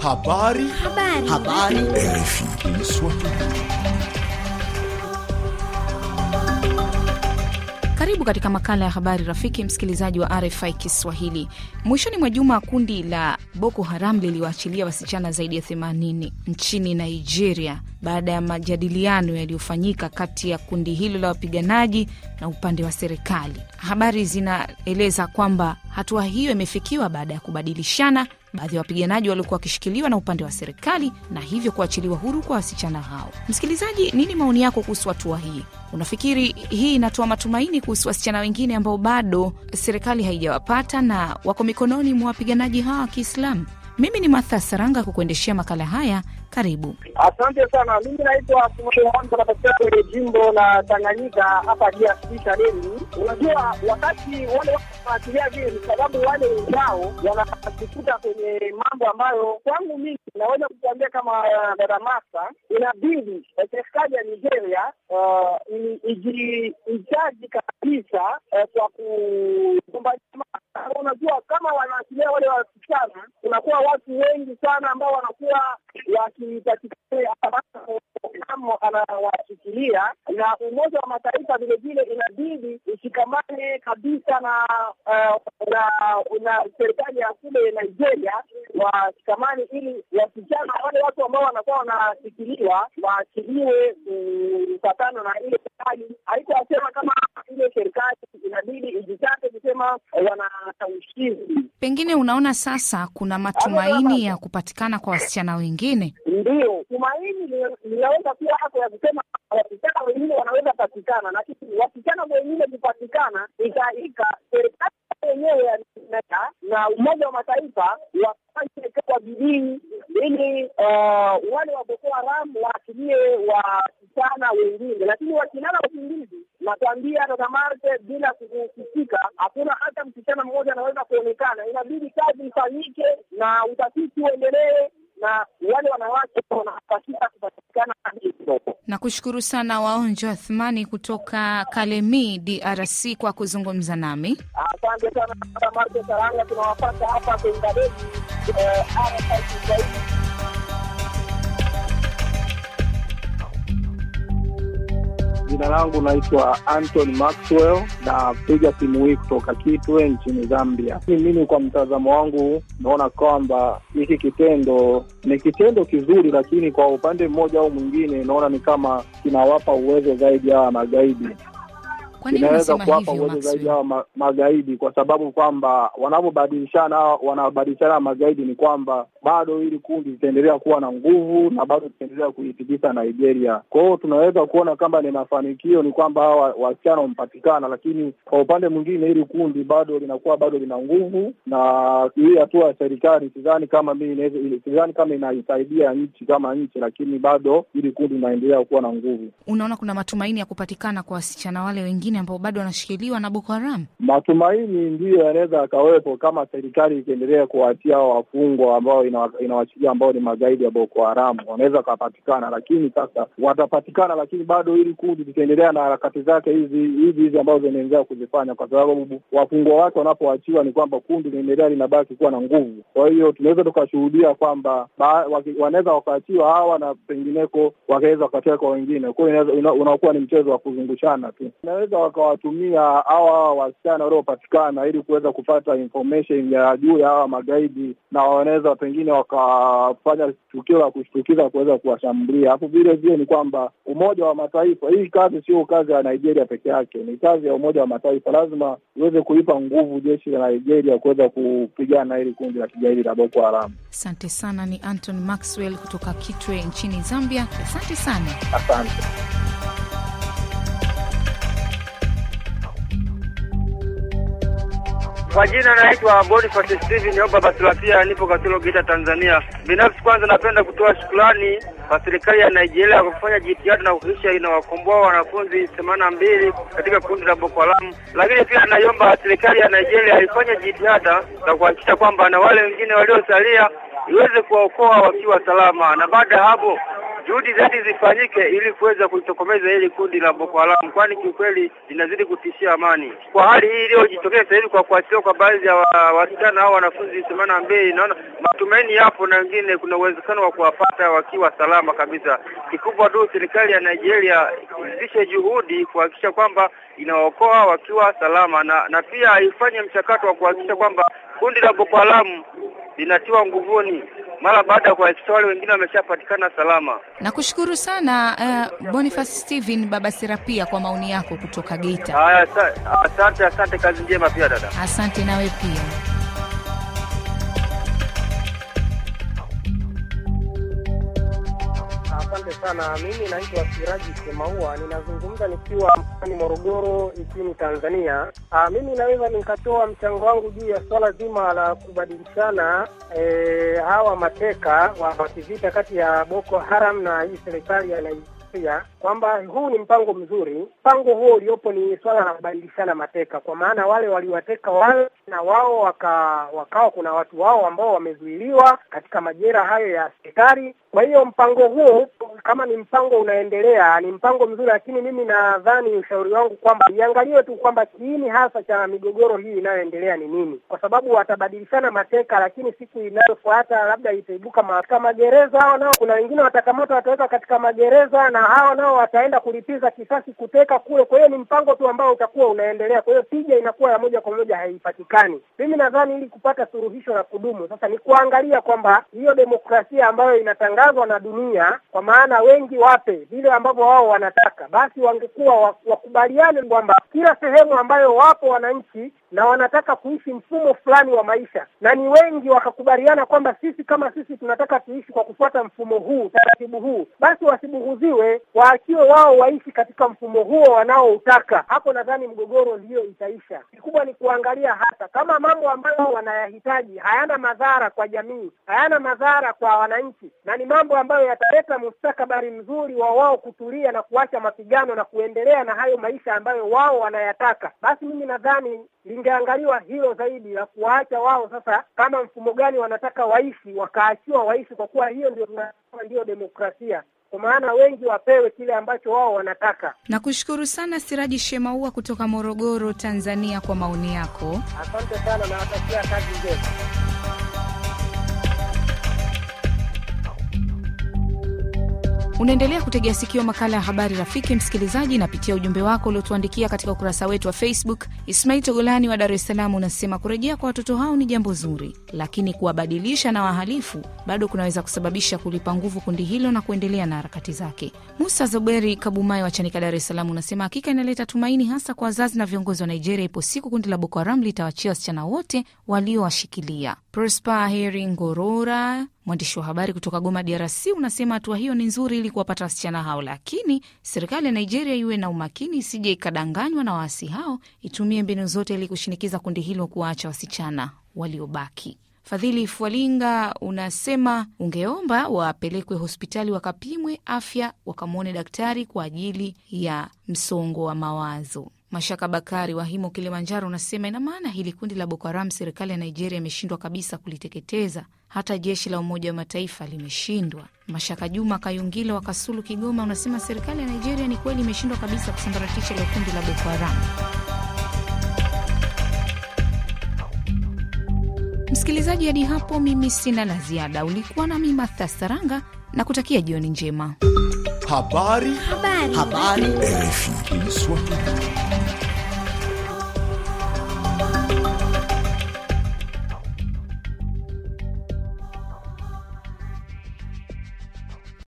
Habari. Habari. Habari. RFI Kiswahili. Karibu katika makala ya habari rafiki, msikilizaji wa RFI Kiswahili. Mwishoni mwa juma, kundi la Boko Haram liliwaachilia wasichana zaidi ya 80 nchini Nigeria baada ya majadiliano yaliyofanyika kati ya kundi hilo la wapiganaji na upande wa serikali. Habari zinaeleza kwamba hatua hiyo imefikiwa baada ya kubadilishana Baadhi ya wapiganaji waliokuwa wakishikiliwa na upande wa serikali na hivyo kuachiliwa huru kwa wasichana hao. Msikilizaji, nini maoni yako kuhusu hatua hii? Unafikiri hii inatoa matumaini kuhusu wasichana wengine ambao bado serikali haijawapata na wako mikononi mwa wapiganaji hawa wa Kiislamu? Mimi ni Martha Saranga kukuendeshea makala haya, karibu. Asante sana. Mimi naitwa napatikana kwenye jimbo la Tanganyika hapa DRC Kalemi. Unajua, wakati wale wafuatilia vile, ni sababu wale wenzao wanajikuta kwenye mambo ambayo kwangu mimi naweza kukuambia kama uh, dada Martha, inabidi serikali ya Nigeria uh, ijihitaji kabisa uh, kwa kugombania. Unajua, kama wanaachilia wale wasichana kunakuwa watu wengi sana ambao wanakuwa wakipatikana anawashikilia na Umoja wa Mataifa vilevile inabidi ushikamane kabisa na uh, na, na serikali ya kule Nigeria washikamane, ili wasichana wale watu ambao wanakuwa wanashikiliwa waachiliwe kufatana na ile serikali. haikuwasema kama ile serikali inabidi ijitake kusema wanataushizi. Pengine unaona sasa kuna matumaini ya kupatikana kwa wasichana wengine, ndio tumaini linaweza kuwa hapo ya kusema wasichana wengine wanaweza patikana, lakini wasichana wengine kupatikana ikaika serikali wenyewe na Umoja wa Mataifa wafanye kwa bidii ili uh, wale wa Boko Haram waachilie wasichana wengine, lakini wakinana wakimbizi nakwambia Marte, bila kusikika, hakuna hata msichana mmoja anaweza kuonekana. Inabidi kazi ifanyike na utafiti uendelee na wale wanawake wanatakika kupatikana. Nakushukuru sana Waonjo Athmani kutoka Kalemi, DRC, kwa kuzungumza nami. Asante sana Marte Saranga, tunawapata hapa Bengadei. Eh, Jina langu naitwa Anton Maxwell, napiga simu hii kutoka Kitwe nchini Zambia. Mimi kwa mtazamo wangu naona kwamba hiki kitendo ni kitendo kizuri, lakini kwa upande mmoja au mwingine, naona ni kama kinawapa uwezo zaidi hawa magaidi inaweza kuwapa uwezo zaidi hawa magaidi, kwa sababu kwamba wanavyobadilishana wanabadilishana magaidi ni kwamba bado hili kundi litaendelea kuwa na nguvu na bado litaendelea kuitikisa Nigeria. Kwa hiyo tunaweza kuona kama ni mafanikio ni kwamba hawa wasichana wamepatikana, lakini kwa upande mwingine hili kundi bado linakuwa bado lina nguvu, na hii hatua ya serikali sidhani kama sidhani kama inaisaidia nchi kama nchi, lakini bado hili kundi linaendelea kuwa na nguvu. Unaona kuna matumaini ya kupatikana kwa wasichana wale wengine wengine ambao bado wanashikiliwa na Boko Haram? Matumaini ndiyo yanaweza yakawepo kama serikali ikiendelea kuwatia wafungwa ambao ina ambao ni magaidi ya Boko Haram, wanaweza wakapatikana. Lakini sasa watapatikana, lakini bado hili kundi litaendelea na harakati zake hizi hizi hizi ambazo zinaendelea kuzifanya, kwa sababu wafungwa wake wanapoachiwa ni kwamba kundi linaendelea linabaki kuwa na nguvu. Kwa hiyo tunaweza tukashuhudia kwamba wanaweza wakaachiwa hawa na pengineko wakaweza wakateka wengine. Kwa hiyo unakuwa ni mchezo wa kuzungushana tu, inaweza wakawatumia hawa wasichana waliopatikana ili kuweza kupata information ya juu ya hawa magaidi, na wanaweza pengine wakafanya tukio la kushtukiza kuweza kuwashambulia. Alafu vile vile ni kwamba Umoja wa Mataifa, hii kazi sio kazi ya Nigeria peke yake, ni kazi ya Umoja wa Mataifa. Lazima iweze kuipa nguvu jeshi la Nigeria kuweza kupigana na hili kundi la kigaidi la Boko Haram. Asante sana, ni Anton Maxwell kutoka Kitwe nchini Zambia. Asante sana, asante. Kwa jina naitwa Boniface Steven Oba Basilapia, nipo Katoro Geita, Tanzania. Binafsi kwanza napenda kutoa shukrani kwa serikali ya Nigeria kwa kufanya jitihada na kuhakikisha inawakomboa wanafunzi themanini na mbili katika kundi la Boko Haram, lakini pia naiomba serikali ya Nigeria ifanye jitihada za kuhakikisha kwamba na wale wengine waliosalia iweze kuwaokoa wakiwa salama, na baada ya hapo juhudi zaidi zifanyike ili kuweza kuitokomeza hili kundi la Boko Haram, kwani kiukweli linazidi kutishia amani. Kwa hali hii iliyojitokeza hivi kwa kuachiliwa kwa baadhi ya wasichana au wanafunzi themanini na mbili, naona matumaini yapo na wengine kuna uwezekano wa kuwapata wakiwa salama kabisa. Kikubwa tu serikali ya Nigeria izidishe juhudi kuhakikisha kwamba inaokoa wakiwa salama na, na pia ifanye mchakato wa kuhakikisha kwamba Kundi la Boko Haramu linatiwa nguvuni mara baada ya kuwafikisha wale wengine wameshapatikana salama. Nakushukuru sana uh, Boniface Steven Baba Serapia kwa maoni yako kutoka Geita. Asante, asante, kazi njema pia dada. Asante nawe pia. sana. Mimi naitwa Siraji Semaua, ninazungumza nikiwa mkoani Morogoro nchini Tanzania. Aa, ah, mimi naweza nikatoa mchango wangu juu ya swala zima la kubadilishana e, hawa mateka wa wakivita kati ya Boko Haram na hii serikali ya Nigeria pia kwamba huu ni mpango mzuri. Mpango huo uliopo ni swala la kubadilishana mateka, kwa maana wale waliwateka wale na wao waka, wakawa kuna watu wao ambao wamezuiliwa katika majera hayo ya askari. Kwa hiyo mpango huo kama ni mpango unaendelea, ni mpango mzuri, lakini mimi nadhani ushauri wangu kwamba iangaliwe tu kwamba kiini hasa cha migogoro hii inayoendelea ni nini, kwa sababu watabadilishana mateka, lakini siku inayofuata labda itaibuka katika magereza, nao kuna wengine watakamatwa wataweka katika magereza na na hao nao wataenda kulipiza kisasi kuteka kule. Kwa hiyo ni mpango tu ambao utakuwa unaendelea, kwa hiyo tija inakuwa ya moja kwa moja haipatikani. Mimi nadhani ili kupata suluhisho la kudumu sasa ni kuangalia kwamba hiyo demokrasia ambayo inatangazwa na dunia, kwa maana wengi wape vile ambavyo wao wanataka, basi wangekuwa wakubaliane kwamba kila sehemu ambayo wapo wananchi na wanataka kuishi mfumo fulani wa maisha, na ni wengi wakakubaliana kwamba sisi kama sisi tunataka tuishi kwa kufuata mfumo huu, taratibu huu, basi wasibuguziwe waachiwe wao waishi katika mfumo huo wanaoutaka. Hapo nadhani mgogoro ndiyo itaisha. Kikubwa ni kuangalia hasa kama mambo ambayo wanayahitaji hayana madhara kwa jamii, hayana madhara kwa wananchi, na ni mambo ambayo yataleta mustakabali mzuri wa wao kutulia na kuacha mapigano na kuendelea na hayo maisha ambayo wao wanayataka, basi mimi nadhani lingeangaliwa hilo zaidi la kuwaacha wao sasa, kama mfumo gani wanataka waishi, wakaachiwa waishi, kwa kuwa hiyo ndio tunasema ndiyo demokrasia kwa maana wengi wapewe kile ambacho wao wanataka. Nakushukuru sana Siraji Shemaua kutoka Morogoro, Tanzania, kwa maoni yako. Asante sana na watakia kazi njema. Unaendelea kutegea sikio makala ya habari rafiki, msikilizaji, napitia ujumbe wako uliotuandikia katika ukurasa wetu wa Facebook. Ismail Togolani wa Dar es Salaam unasema kurejea kwa watoto hao ni jambo zuri, lakini kuwabadilisha na wahalifu bado kunaweza kusababisha kulipa nguvu kundi hilo na kuendelea na harakati zake. Musa Zoberi Kabumai wa Chanika, Dar es Salaam unasema hakika inaleta tumaini hasa kwa wazazi na viongozi wa Nigeria, ipo siku kundi la Boko Haram litawachia wasichana wote waliowashikilia. Prosper Heri Ngorora Mwandishi wa habari kutoka Goma, DRC, unasema hatua hiyo ni nzuri ili kuwapata wasichana hao, lakini serikali ya Nigeria iwe na umakini, isije ikadanganywa na waasi hao, itumie mbinu zote ili kushinikiza kundi hilo kuwaacha wasichana waliobaki. Fadhili Fwalinga unasema ungeomba wapelekwe hospitali wakapimwe afya, wakamwone daktari kwa ajili ya msongo wa mawazo. Mashaka Bakari wa Himo, Kilimanjaro, unasema ina maana hili kundi la Boko Haram serikali ya Nigeria imeshindwa kabisa kuliteketeza, hata jeshi la Umoja wa Mataifa limeshindwa. Mashaka Juma Kayungila wa Kasulu, Kigoma, unasema serikali ya Nigeria ni kweli imeshindwa kabisa kusambaratisha ile kundi la Boko Haram. Msikilizaji, hadi hapo mimi sina la ziada. Ulikuwa nami Matha Saranga na kutakia jioni njema. Habari, habari, habari. Habari.